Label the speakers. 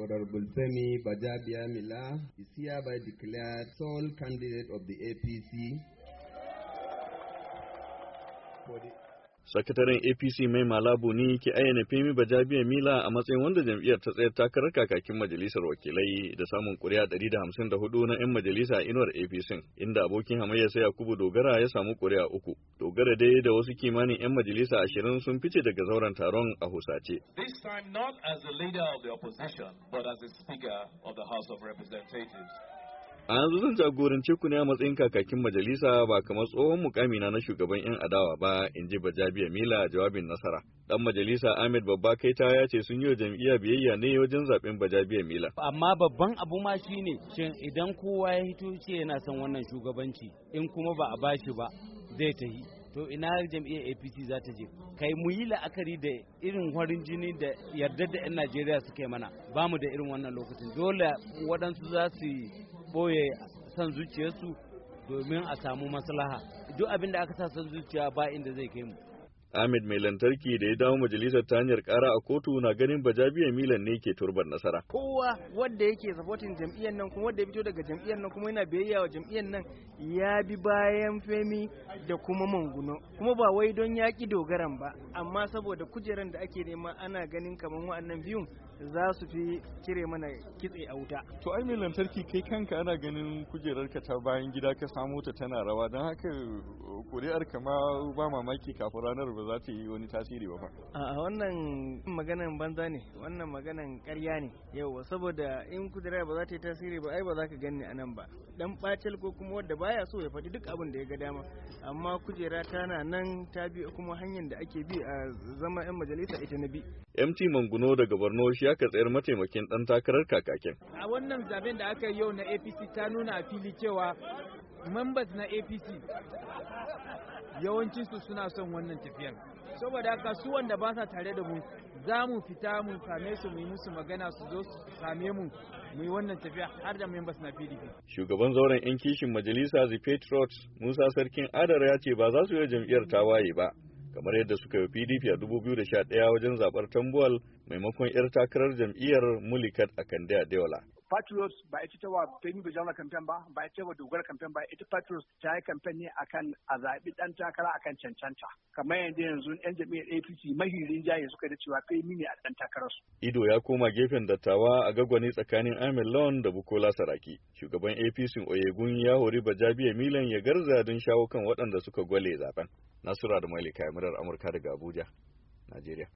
Speaker 1: Honorable Femi Bajabia Mila is hereby declared sole candidate of the APC for the
Speaker 2: sakataren apc mai malabu ne ke ayyana femi bajabiya mila a matsayin wanda jam'iyyar ta tsayar takarar kakakin majalisar wakilai da samun kuri'a 154 na 'yan majalisa a inuwar apc inda abokin hamayya sai yakubu dogara ya samu kuri'a uku dogara dai da wasu kimanin 'yan majalisa ashirin sun fice daga zauren taron a husace
Speaker 3: this time not as the leader of the opposition but as the speaker of the house of representatives
Speaker 2: A yanzu zan jagorance ku ne a matsayin kakakin majalisa ba kamar tsohon mukamina na shugaban 'yan adawa ba, in ji Bajabiya Mila a jawabin nasara. Dan majalisa Ahmed Babba ta ya ce sun yi wa jam'iyya biyayya ne wajen zaben Bajabiya Mila.
Speaker 1: Amma babban abu ma shi ne shin idan kowa ya hito ce yana son wannan shugabanci in kuma ba a bashi ba zai tahi. To ina jam'iyyar APC za ta je. Kai mu yi la'akari da irin warin jini da yarda da 'yan Najeriya suka mana. Ba mu da irin wannan lokacin. Dole waɗansu za su yi. ɓoye son zuciyarsu domin a samu maslaha duk abin da aka sa san zuciya ba inda zai kai mu
Speaker 2: Ahmed mai lantarki da ya dawo majalisar ta hanyar kara a kotu na ganin Bajabiya Milan ne ke turbar nasara.
Speaker 3: Kowa wanda yake supporting jam'iyyar nan kuma wanda ya fito daga jam'iyyar nan kuma yana biyayya wa jam'iyyar nan ya bi bayan Femi da kuma Manguno. Kuma ba wai don yaƙi dogaran ba amma saboda kujeran da ake nema ana ganin kamar wa'annan biyun za su fi cire mana kitse a wuta.
Speaker 2: To ai mai lantarki kai kanka ana ganin kujerar ka ta bayan gida ka samo ta tana rawa don haka kuri'ar kama ba mamaki kafin ranar ba za ta yi wani tasiri ba fa
Speaker 3: a wannan maganan banza ne wannan maganan karya ne yau saboda in kudura ba za ta yi tasiri ba ai ba za ka gani a nan ba dan bacel ko kuma wanda baya so ya faɗi duk abin da ya ga dama amma kujera tana nan ta bi kuma hanyar da ake bi a zama yan majalisa ita na bi
Speaker 2: MT Manguno daga Borno shi aka tsayar mataimakin dan takarar kakakin
Speaker 1: a wannan zaben da aka yi yau na APC ta nuna a fili cewa members na APC yawancinsu suna son wannan tafiyar saboda haka su wanda ba sa tare da mu za mu fita mu same su mu musu magana su zo su same mu mu wannan tafiya har da members na PDP.
Speaker 2: Shugaban zauren 'yan kishin majalisa Zipet Rods Musa Sarkin Adar ya ce ba za su yi jam'iyyar tawaye ba kamar yadda suka yi PDP a 2011 wajen zabar Tambuwal maimakon 'yar takarar jam'iyyar Mulikat a Kande deola.
Speaker 3: Patriots ba ita ta wa Femi Bajawa kamfen ba, ba ita wa dogara kamfen ba, ita Patriots ta yi kamfen ne a kan a zaɓi ɗan takara a kan cancanta. Kamar yadda yanzu 'yan jami'ar APC mahirin jaye suka da cewa Femi ne a ɗan takararsu.
Speaker 2: Ido ya koma gefen dattawa a gagwani tsakanin Amir Lawan da Bukola Saraki. Shugaban APC Oyegun ya hori Bajabiya Milan ya garza don shawo kan waɗanda suka gwale zaben. Nasura da Malika Yamirar Amurka daga Abuja, Najeriya.